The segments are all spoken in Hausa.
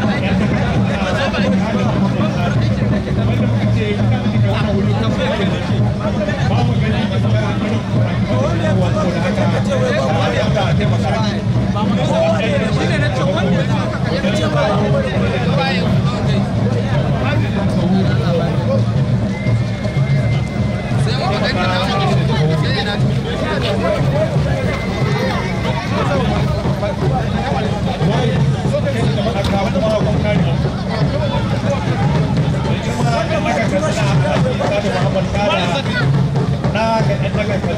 Gracias. Okay.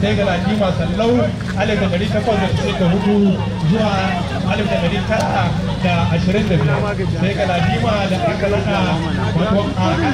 sai ga lati masallau alif da ɗari takwas da sai da hudu zuwa alif da ɗari tara da ashirin da biyar sai ga lati ma da aka lana wato